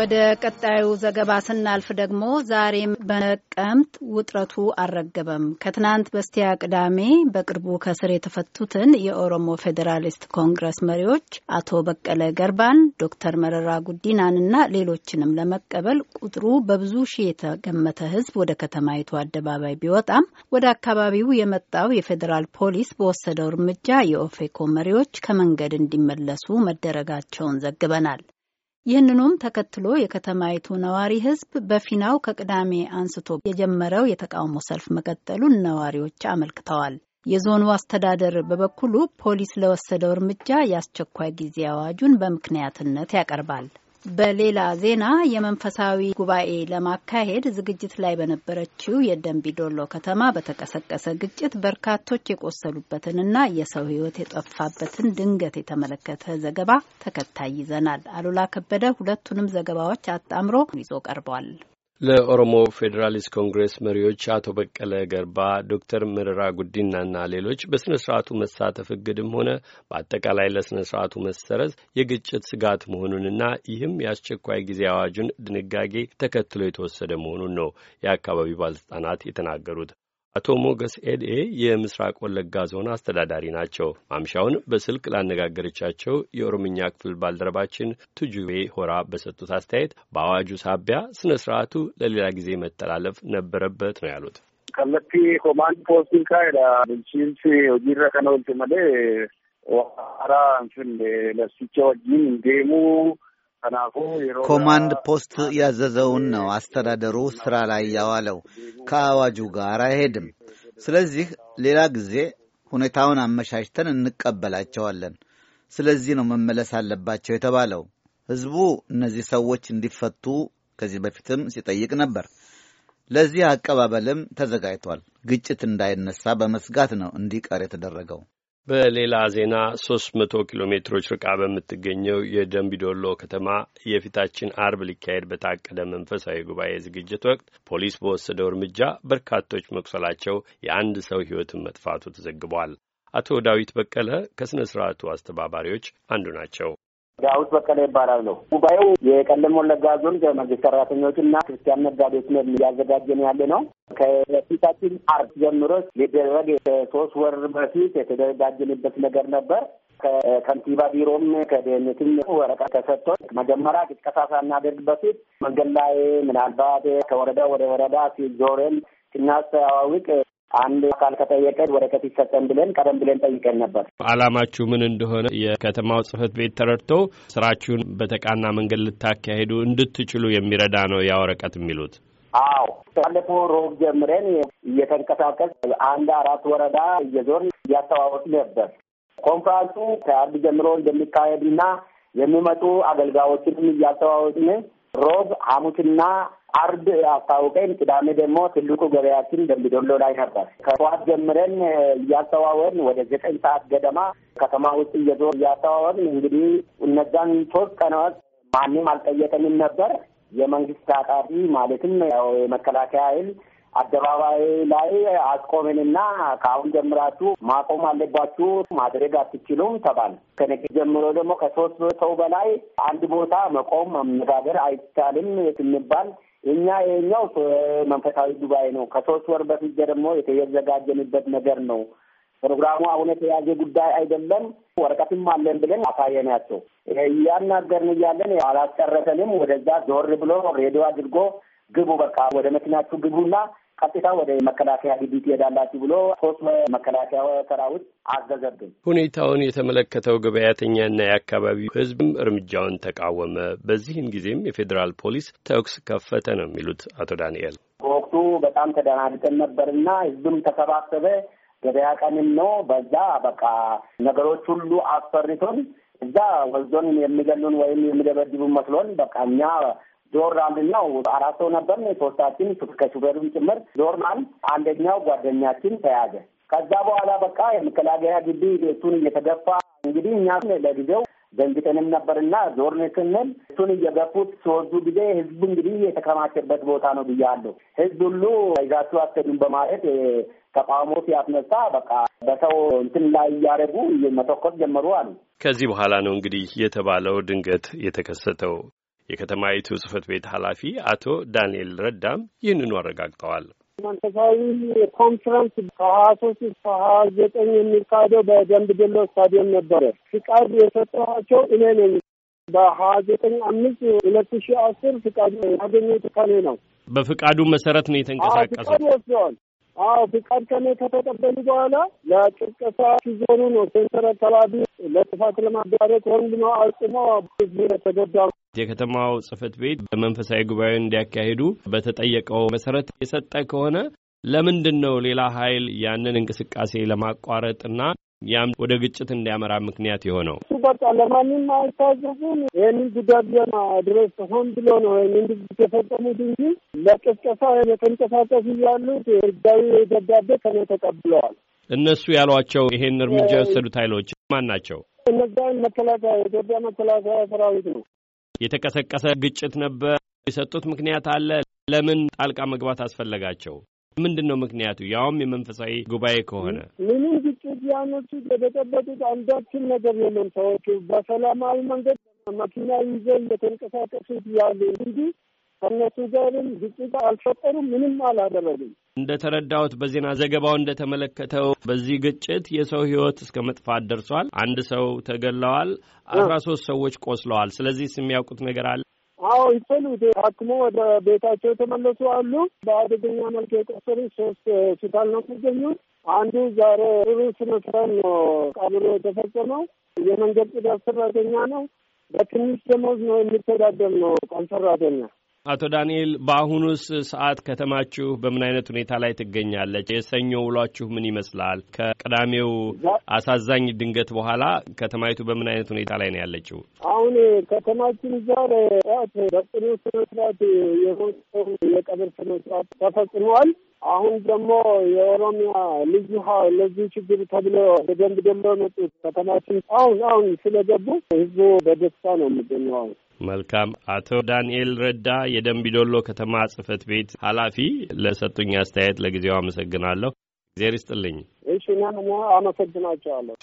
ወደ ቀጣዩ ዘገባ ስናልፍ ደግሞ ዛሬም በነቀምት ውጥረቱ አልረገበም። ከትናንት በስቲያ ቅዳሜ በቅርቡ ከስር የተፈቱትን የኦሮሞ ፌዴራሊስት ኮንግረስ መሪዎች አቶ በቀለ ገርባን፣ ዶክተር መረራ ጉዲናን ና ሌሎችንም ለመቀበል ቁጥሩ በብዙ ሺህ የተገመተ ሕዝብ ወደ ከተማይቱ አደባባይ ቢወጣም ወደ አካባቢው የመጣው የፌዴራል ፖሊስ በወሰደው እርምጃ የኦፌኮ መሪዎች ከመንገድ እንዲመለሱ መደረጋቸውን ዘግበናል። ይህንኑም ተከትሎ የከተማይቱ ነዋሪ ህዝብ በፊናው ከቅዳሜ አንስቶ የጀመረው የተቃውሞ ሰልፍ መቀጠሉን ነዋሪዎች አመልክተዋል። የዞኑ አስተዳደር በበኩሉ ፖሊስ ለወሰደው እርምጃ የአስቸኳይ ጊዜ አዋጁን በምክንያትነት ያቀርባል። በሌላ ዜና የመንፈሳዊ ጉባኤ ለማካሄድ ዝግጅት ላይ በነበረችው የደንቢዶሎ ከተማ በተቀሰቀሰ ግጭት በርካቶች የቆሰሉበትንና የሰው ሕይወት የጠፋበትን ድንገት የተመለከተ ዘገባ ተከታይ ይዘናል። አሉላ ከበደ ሁለቱንም ዘገባዎች አጣምሮ ይዞ ቀርቧል። ለኦሮሞ ፌዴራሊስት ኮንግሬስ መሪዎች አቶ በቀለ ገርባ፣ ዶክተር መረራ ጉዲናና ሌሎች በሥነ ሥርዓቱ መሳተፍ እግድም ሆነ በአጠቃላይ ለሥነ ሥርዓቱ መሰረዝ የግጭት ስጋት መሆኑንና ይህም የአስቸኳይ ጊዜ አዋጁን ድንጋጌ ተከትሎ የተወሰደ መሆኑን ነው የአካባቢው ባለስልጣናት የተናገሩት። አቶ ሞገስ ኤድኤ የምስራቅ ወለጋ ዞን አስተዳዳሪ ናቸው። ማምሻውን በስልክ ላነጋገረቻቸው የኦሮምኛ ክፍል ባልደረባችን ቱጁቤ ሆራ በሰጡት አስተያየት በአዋጁ ሳቢያ ስነ ስርዓቱ ለሌላ ጊዜ መተላለፍ ነበረበት ነው ያሉት። ከለቲ ኮማንድ ፖስቲን ካሄዳ ብልሲንስ ሆጂራ ከነውልት መሌ ዋራ እንስን ለብሲቻ ወጂን እንዴሙ ኮማንድ ፖስት ያዘዘውን ነው አስተዳደሩ ስራ ላይ ያዋለው። ከአዋጁ ጋር አይሄድም። ስለዚህ ሌላ ጊዜ ሁኔታውን አመሻሽተን እንቀበላቸዋለን። ስለዚህ ነው መመለስ አለባቸው የተባለው። ህዝቡ እነዚህ ሰዎች እንዲፈቱ ከዚህ በፊትም ሲጠይቅ ነበር። ለዚህ አቀባበልም ተዘጋጅቷል። ግጭት እንዳይነሳ በመስጋት ነው እንዲቀር የተደረገው። በሌላ ዜና ሶስት መቶ ኪሎ ሜትሮች ርቃ በምትገኘው የደንቢዶሎ ከተማ የፊታችን አርብ ሊካሄድ በታቀደ መንፈሳዊ ጉባኤ ዝግጅት ወቅት ፖሊስ በወሰደው እርምጃ በርካቶች መቁሰላቸው የአንድ ሰው ሕይወትን መጥፋቱ ተዘግቧል። አቶ ዳዊት በቀለ ከሥነ ሥርዓቱ አስተባባሪዎች አንዱ ናቸው። ዳዊት በቀለ ይባላለሁ። ጉባኤው የቀለም ወለጋ ዞን መንግስት ና ክርስቲያን ነጋዴዎች ነን እያዘጋጀን ያለ ነው። ከፊታችን አርብ ጀምሮ ሊደረግ ከሶስት ወር በፊት የተዘጋጀንበት ነገር ነበር። ከከንቲባ ቢሮም ከደህንነትም ወረቀት ተሰጥቶ መጀመሪያ ቅስቀሳ ሳናደርግ በፊት መንገድ ላይ ምናልባት ከወረዳ ወደ ወረዳ ሲዞረን ስናስተዋውቅ አንድ አካል ከጠየቀ ወረቀት ይሰጠን ብለን ቀደም ብለን ጠይቀን ነበር። አላማችሁ ምን እንደሆነ የከተማው ጽህፈት ቤት ተረድቶ ስራችሁን በተቃና መንገድ ልታካሄዱ እንድትችሉ የሚረዳ ነው ያ ወረቀት የሚሉት። አዎ ባለፈው ሮብ ጀምረን እየተንቀሳቀስ አንድ አራት ወረዳ እየዞርን እያስተዋወቅ ነበር። ኮንፍራንሱ ከአርብ ጀምሮ እንደሚካሄድና የሚመጡ አገልጋዮችንም እያስተዋወቅን ሮብ፣ ሐሙስና አርብ አስታውቀን ቅዳሜ ደግሞ ትልቁ ገበያችን ደምቢዶሎ ላይ ነበር። ከጠዋት ጀምረን እያስተዋወን ወደ ዘጠኝ ሰዓት ገደማ ከተማ ውስጥ እየዞር እያስተዋወን እንግዲህ እነዛን ሶስት ቀናት ማንም አልጠየቀንም ነበር። የመንግስት ታጣቂ ማለትም ያው የመከላከያ ኃይል አደባባይ ላይ አስቆምንና ከአሁን ጀምራችሁ ማቆም አለባችሁ ማድረግ አትችሉም ተባል። ከነገ ጀምሮ ደግሞ ከሶስት ሰው በላይ አንድ ቦታ መቆም መነጋገር አይቻልም ስንባል እኛ የኛው መንፈሳዊ ጉባኤ ነው። ከሶስት ወር በፊት ደግሞ የተዘጋጀንበት ነገር ነው። ፕሮግራሙ አሁን የተያዘ ጉዳይ አይደለም። ወረቀትም አለን ብለን አሳየናቸው። እያናገርን እያለን አላስጨረሰንም። ወደዛ ዞር ብሎ ሬዲዮ አድርጎ ግቡ፣ በቃ ወደ መኪናችሁ ግቡና ቀጥታ ወደ መከላከያ ግቢ ትሄዳላችሁ ብሎ ሶስት መከላከያ ሰራዊት አዘዘብን። ሁኔታውን የተመለከተው ገበያተኛና የአካባቢው ህዝብም እርምጃውን ተቃወመ። በዚህን ጊዜም የፌዴራል ፖሊስ ተኩስ ከፈተ ነው የሚሉት አቶ ዳንኤል። በወቅቱ በጣም ተደናግጠን ነበርና ህዝብም ተሰባሰበ። ገበያ ቀንም ነው። በዛ በቃ ነገሮች ሁሉ አስፈሪቶን እዛ ወዞን የሚገሉን ወይም የሚደበድቡን መስሎን በቃ እኛ ዞር አንድና አራት ሰው ነበርን። ሶስታችን ከሹፌሩም ጭምር ዶርማን፣ አንደኛው ጓደኛችን ተያዘ። ከዛ በኋላ በቃ የመከላከያ ግቢ እሱን እየተገፋ እንግዲህ እኛ ለጊዜው ደንግጠንም ነበርና ዞርን ስንል እሱን እየገፉት ሲወዱ ጊዜ ህዝቡ እንግዲህ የተከማቸበት ቦታ ነው ብያለሁ። ህዝብ ሁሉ ይዛችሁ አትሄዱም በማለት ተቃውሞ ሲያስነሳ በቃ በሰው እንትን ላይ እያደረጉ መተኮስ ጀመሩ አሉ። ከዚህ በኋላ ነው እንግዲህ የተባለው ድንገት የተከሰተው የከተማይቱ ጽህፈት ቤት ኃላፊ አቶ ዳንኤል ረዳም ይህንኑ አረጋግጠዋል። መንፈሳዊ ኮንፈረንስ ከሀያ ሶስት እስከ ሀያ ዘጠኝ የሚካሄደው በደንብ ደሎ ስታዲየም ነበረ። ፍቃድ የሰጠኋቸው እኔ ነኝ። በሀያ ዘጠኝ አምስት ሁለት ሺ አስር ፍቃድ ያገኘሁት ከኔ ነው። በፍቃዱ መሰረት ነው የተንቀሳቀሰው። ወስደዋል። አዎ ፍቃድ ከኔ ከተቀበሉ በኋላ ለቅስቀሳ ሲዞኑ ነው ሴንተር አካባቢ ለጥፋት ለማዳረግ ወንድ ነው አጽሞ ህዝቡ የተጎዳ የከተማው ጽህፈት ቤት በመንፈሳዊ ጉባኤ እንዲያካሄዱ በተጠየቀው መሰረት የሰጠ ከሆነ ለምንድን ነው ሌላ ኃይል ያንን እንቅስቃሴ ለማቋረጥና ያም ወደ ግጭት እንዲያመራ ምክንያት የሆነው? እሱ በቃ ለማንም አይታዘዝም። ይህንን ጉዳት ድረስ ሆን ብሎ ነው ወይም እንድት የፈጸሙት እንጂ ለቅስቀሳ የተንቀሳቀሱ ያሉት ህጋዊ ደብዳቤ ከነ ተቀብለዋል። እነሱ ያሏቸው ይሄን እርምጃ የወሰዱት ኃይሎች ማን ናቸው? እነዛን መከላከያ የኢትዮጵያ መከላከያ ሰራዊት ነው። የተቀሰቀሰ ግጭት ነበር የሰጡት ምክንያት አለ? ለምን ጣልቃ መግባት አስፈለጋቸው? ምንድን ነው ምክንያቱ? ያውም የመንፈሳዊ ጉባኤ ከሆነ ምንም ግጭት ያነሱት የተጨበጡት አንዳችን ነገር የለም። ሰዎቹ በሰላማዊ መንገድ መኪና ይዘው እየተንቀሳቀሱት ያሉ እንጂ ከእነሱ ጋርም ግጭት አልፈጠሩም፣ ምንም አላደረግም። ተረዳሁት በዜና ዘገባው እንደተመለከተው በዚህ ግጭት የሰው ህይወት እስከ መጥፋት ደርሷል። አንድ ሰው ተገለዋል፣ አስራ ሶስት ሰዎች ቆስለዋል። ስለዚህ የሚያውቁት ነገር አለ? አዎ ይፈሉ ታክሞ ወደ ቤታቸው የተመለሱ አሉ። በአደገኛ መልክ የቆሰሉ ሶስት ሆስፒታል ነው የሚገኙት። አንዱ ዛሬ ሩሩ ስነስርዓት ነው ቀብሮ የተፈጸመው። የመንገድ ጽዳት ሰራተኛ ነው። በትንሽ ደሞዝ ነው የሚተዳደር ነው ቀን ሰራተኛ አቶ ዳንኤል በአሁኑስ ሰዓት ከተማችሁ በምን አይነት ሁኔታ ላይ ትገኛለች? የሰኞ ውሏችሁ ምን ይመስላል? ከቅዳሜው አሳዛኝ ድንገት በኋላ ከተማይቱ በምን አይነት ሁኔታ ላይ ነው ያለችው? አሁን ከተማችን ዛሬ ጠዋት በጽኑ ስነስርዓት የሆነው የቀብር ስነስርዓት ተፈጽሟል። አሁን ደግሞ የኦሮሚያ ልዩ ለዚህ ችግር ተብሎ በደንብ ደንበ መጡት ከተማችን አሁን አሁን ስለገቡ ህዝቡ በደስታ ነው የሚገኘው አሁን መልካም አቶ ዳንኤል ረዳ የደንቢዶሎ ከተማ ጽህፈት ቤት ኃላፊ ለሰጡኝ አስተያየት ለጊዜው አመሰግናለሁ። እግዜር ይስጥልኝ። እሺ፣ እኔም አመሰግናቸዋለሁ።